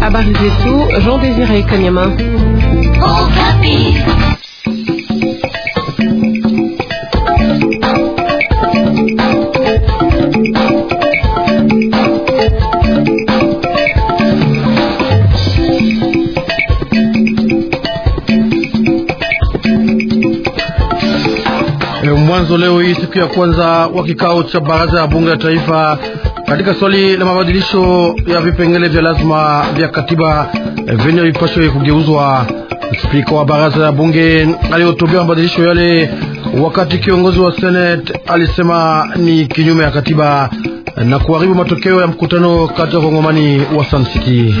Habari zetu Jean Désiré Kanyama. Okapi. Mwanzo leo hii siku ya kwanza wa kikao cha baraza ya bunge la taifa katika swali la mabadilisho ya vipengele vya lazima vya katiba eh, venye vipasho kugeuzwa. Spika wa baraza ya bunge aliyotobia mabadilisho yale, wakati kiongozi wa Senate alisema ni kinyume ya katiba eh, na kuharibu matokeo ya mkutano kati ya wakongomani wa Sansiki.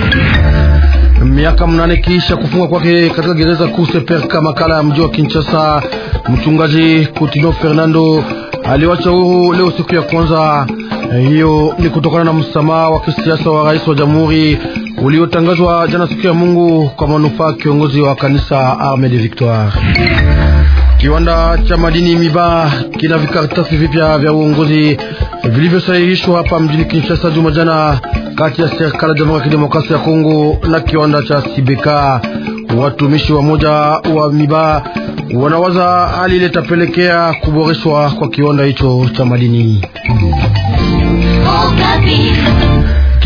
Miaka mnane kisha kufunga kwake katika gereza kuu Seperka makala ya mji wa Kinshasa, mchungaji kutino Fernando aliwacha huru leo siku ya kwanza. Hiyo ni kutokana na msamaha wa kisiasa wa rais wa jamhuri uliotangazwa jana siku ya Mungu kwa manufaa kiongozi wa kanisa Arme de Victoire. Kiwanda cha madini Miba kina vikaratasi vipya vya uongozi vilivyosahihishwa hapa mjini Kinshasa juma jana, kati ya serikali ya Jamhuri ya Kidemokrasia ya Kongo na kiwanda cha Sibeka. Watumishi wa moja wa Miba wanawaza hali ile itapelekea kuboreshwa kwa kiwanda hicho cha madini.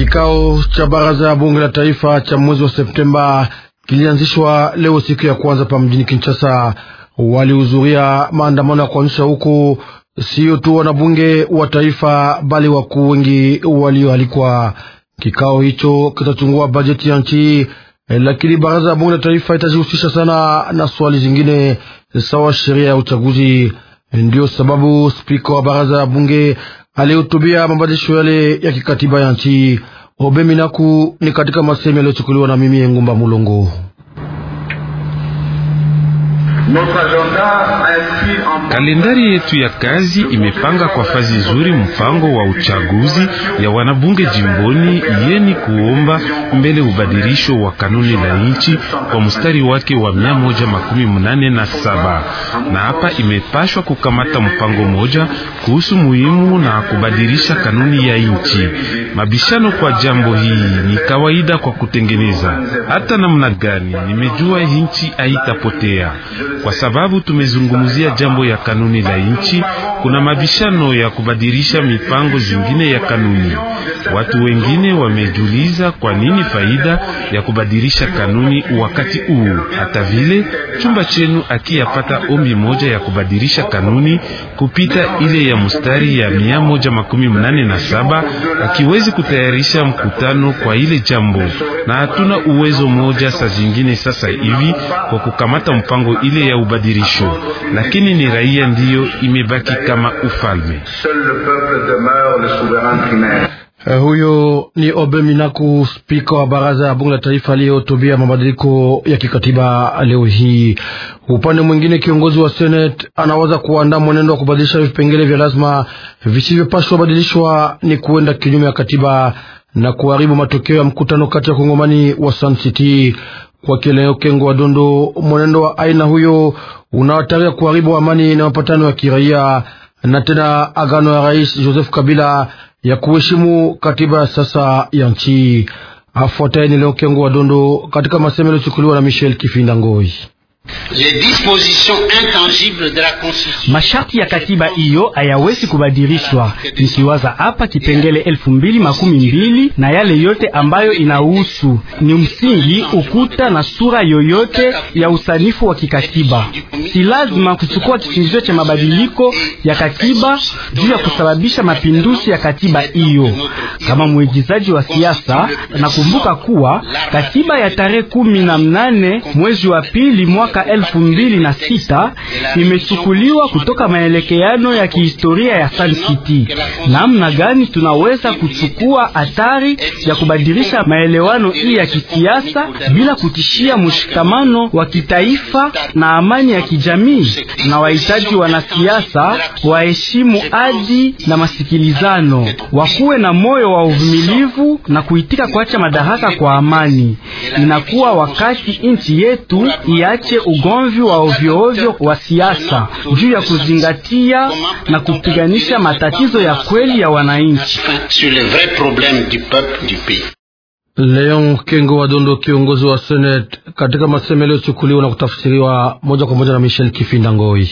Kikao cha baraza ya bunge la taifa cha mwezi wa Septemba kilianzishwa leo siku ya kwanza pa mjini Kinshasa. Walihudhuria maandamano ya kuanzisha huku siyo tu wanabunge wa taifa, bali wakuu wengi walioalikwa. Kikao hicho kitachungua bajeti ya nchi, lakini baraza ya bunge la taifa itajihusisha sana na swali zingine sawa sheria ya uchaguzi. ndio sababu spika wa baraza ya bunge alihutubia mabadilisho yale ya kikatiba ya nchi. Obe ni katika masemi yaliyochukuliwa na mimi Engumba Mulongo. Kalendari yetu ya kazi imepanga kwa fazi nzuri mpango wa uchaguzi ya wanabunge jimboni yeni kuomba mbele ubadilisho wa kanuni la nchi kwa mstari wake wa mia moja makumi mnane na saba na hapa imepashwa kukamata mpango moja kuhusu muhimu na kubadilisha kanuni ya nchi. Mabishano kwa jambo hii ni kawaida kwa kutengeneza hata namna gani, nimejua nchi haitapotea kwa sababu tumezungumzia jambo ya kanuni la nchi kuna mabishano ya kubadilisha mipango zingine ya kanuni. Watu wengine wamejiuliza kwa nini faida ya kubadilisha kanuni wakati huu. Hata vile chumba chenu akiyapata ombi moja ya kubadilisha kanuni kupita ile ya mustari ya mia moja makumi mnane na saba akiwezi kutayarisha mkutano kwa ile jambo, na hatuna uwezo moja sa zingine sasa hivi kwa kukamata mpango ile ya ubadilisho, lakini ni raia ndiyo imebaki kama ufalme. Uh, huyo ni minaku spika wa baraza ya bunge la taifa aliyehutubia mabadiliko ya kikatiba leo hii. Upande mwingine, kiongozi wa seneti anawaza kuandaa mwenendo wa kubadilisha vipengele vya lazima visivyopaswa badilishwa ni kuenda kinyume ya katiba na kuharibu matokeo ya mkutano kati ya Kongomani wa Sun City kwa kila ukengo wa Dondo. Mwenendo wa aina huyo unawataria kuharibu amani na mapatano ya kiraia na tena agano ya Rais Joseph Kabila ya kuheshimu katiba sasa ya nchi. Afuataye ni leo kengo wa Dondo katika masemo yaliyochukuliwa na Michel Kifinda Ngoi. Masharti ya katiba hiyo hayawezi kubadilishwa. Nikiwaza hapa kipengele elfu mbili makumi mbili na yale yote ambayo inahusu ni msingi ukuta na sura yoyote ya usanifu wa kikatiba, si lazima kuchukua kisingizio cha mabadiliko ya katiba juu ya kusababisha mapinduzi ya katiba hiyo. Kama mwigizaji wa siasa, nakumbuka kuwa katiba ya tarehe kumi na mnane mwezi wa pili mwaka mwaka elfu mbili na sita imechukuliwa kutoka maelekeano ya kihistoria ya Sun City. Namna gani tunaweza kuchukua hatari ya kubadilisha maelewano hii ya kisiasa bila kutishia mshikamano wa kitaifa na amani ya kijamii? Na wahitaji wanasiasa waheshimu adi na masikilizano, wakuwe na moyo wa uvumilivu na kuitika kuacha madaraka kwa amani. Inakuwa wakati nchi yetu iache ugomvi wa ovyoovyo wa siasa juu ya kuzingatia na kupiganisha matatizo ya kweli ya wananchi. Leon Kengo wa Dondo, kiongozi wa Senate, katika masemo yaliyochukuliwa na kutafsiriwa moja kwa moja na Michel Kifinda Ngoi.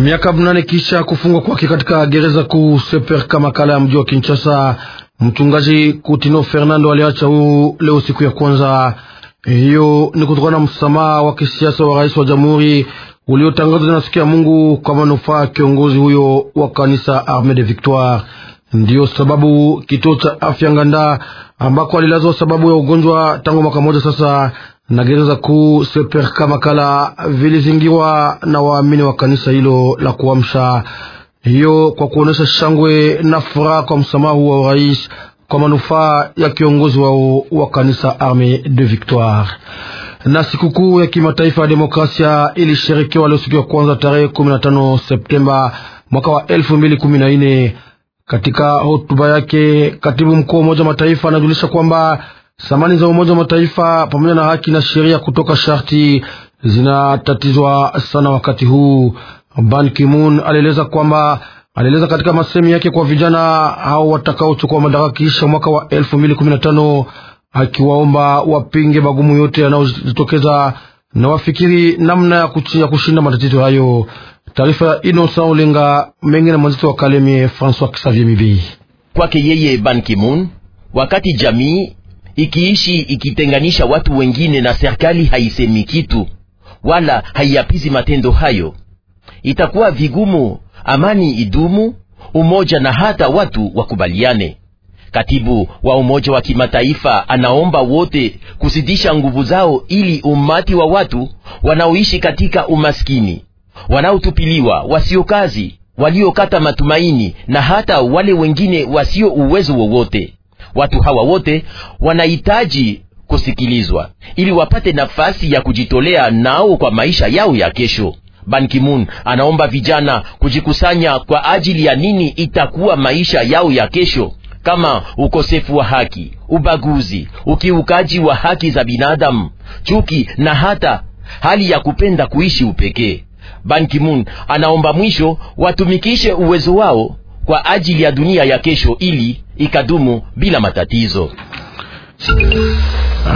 Miaka mnane kisha kufungwa kwake katika gereza kuu Seperka makala ya mji wa Kinshasa, mchungaji Kutino Fernando aliacha huru leo siku ya kwanza hiyo ni kutokana na msamaha wa kisiasa wa rais wa jamhuri uliotangazwa na siku ya Mungu kwa manufaa ya kiongozi huyo wa kanisa Arme de Victoire. Ndiyo sababu kituo cha afya Nganda ambako alilazwa sababu ya ugonjwa tangu mwaka moja sasa na gereza kuu Seperka Makala vilizingiwa na waamini wa kanisa hilo la kuamsha, hiyo kwa kuonesha shangwe na furaha kwa msamaha wa rais kwa manufaa ya kiongozi wao wa kanisa arme de Victoire. Na sikukuu ya kimataifa ya demokrasia ilisherekewa leo siku ya kwanza tarehe 15 Septemba mwaka wa 2014. Katika hotuba yake, katibu mkuu wa Umoja wa Mataifa anajulisha kwamba thamani za Umoja wa Mataifa pamoja na haki na sheria kutoka sharti zinatatizwa sana wakati huu. Ban Ki-moon alieleza kwamba alieleza katika masemi yake kwa vijana hao watakaochukua madaraka kisha mwaka wa 2015 akiwaomba wapinge magumu yote yanayojitokeza na wafikiri namna ya kushinda matatizo hayo. Taarifa ya Inosa Olenga mengi na mwanzito wa Kalemi, Francois Xavier Mibi. Kwake yeye Ban Ki-moon, wakati jamii ikiishi ikitenganisha watu wengine na serikali haisemi kitu wala haiapizi matendo hayo, itakuwa vigumu amani idumu, umoja na hata watu wakubaliane. Katibu wa Umoja wa Kimataifa anaomba wote kusidisha nguvu zao ili umati wa watu wanaoishi katika umaskini, wanaotupiliwa, wasio kazi, waliokata matumaini na hata wale wengine wasio uwezo wowote. Watu hawa wote wanahitaji kusikilizwa ili wapate nafasi ya kujitolea nao kwa maisha yao ya kesho. Ban Ki-moon anaomba vijana kujikusanya kwa ajili ya nini itakuwa maisha yao ya kesho kama ukosefu wa haki, ubaguzi, ukiukaji wa haki za binadamu, chuki na hata hali ya kupenda kuishi upekee. Ban Ki-moon anaomba mwisho watumikishe uwezo wao kwa ajili ya dunia ya kesho ili ikadumu bila matatizo.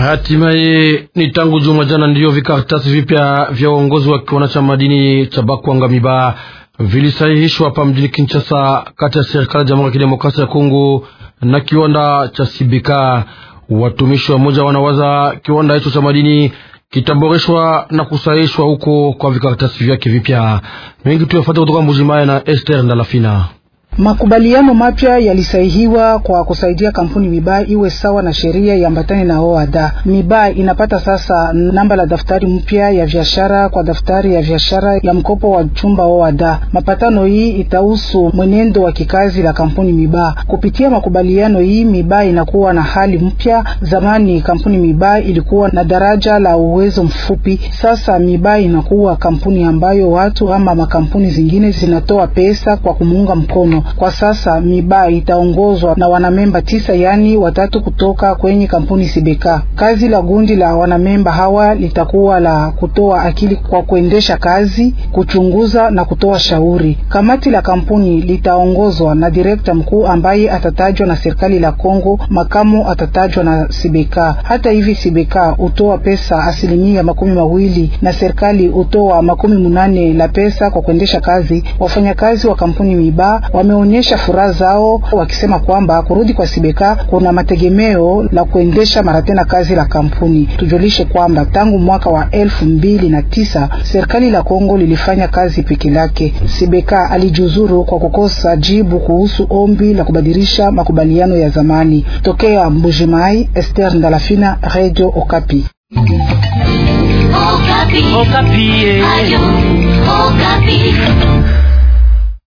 Hatimaye ni tangu juma jana ndiyo vikaratasi vipya vya uongozi wa kiwanda cha madini cha Bakwanga Miba vilisahihishwa hapa mjini Kinshasa, kati ya serikali ya Jamhuri ya Kidemokrasia ya Kongo na kiwanda cha Sibika. Watumishi wa moja wanawaza kiwanda hicho cha madini kitaboreshwa na kusahihishwa huko kwa vikaratasi vyake vipya mengi. Tuyafuate kutoka Mbujimaya na Esther Ndalafina. Makubaliano mapya yalisahihiwa kwa kusaidia kampuni Mibaa iwe sawa na sheria ya na OADA. Mibaa inapata sasa namba la daftari mpya ya biashara kwa daftari ya biashara ya mkopo wa chumba OADA. Mapatano hii itahusu mwenendo wa kikazi la kampuni Mibaa. Kupitia makubaliano hii, Mibaa inakuwa na hali mpya. Zamani kampuni Mibaa ilikuwa na daraja la uwezo mfupi, sasa Mibaa inakuwa kampuni ambayo watu ama makampuni zingine zinatoa pesa kwa kumuunga mkono. Kwa sasa Miba itaongozwa na wanamemba tisa, yaani watatu kutoka kwenye kampuni Sibeka. Kazi la gundi la wanamemba hawa litakuwa la kutoa akili kwa kuendesha kazi, kuchunguza na kutoa shauri. Kamati la kampuni litaongozwa na direkta mkuu ambaye atatajwa na serikali la Kongo, makamu atatajwa na Sibeka. Hata hivi Sibeka hutoa pesa asilimia makumi mawili na serikali hutoa makumi munane la pesa kwa kuendesha kazi. Wafanyakazi wa kampuni Miba wame wameonyesha furaha zao wakisema kwamba kurudi kwa Sibeka kuna mategemeo la kuendesha mara tena kazi la kampuni. Tujulishe kwamba tangu mwaka wa elfu mbili na tisa serikali la Kongo lilifanya kazi peke lake. Sibeka alijuzuru kwa kukosa jibu kuhusu ombi la kubadilisha makubaliano ya zamani. Tokea Mbujimai, Esther Ndalafina, Radio Okapi. Okapi. Okapi. Eh. Ayo, Okapi.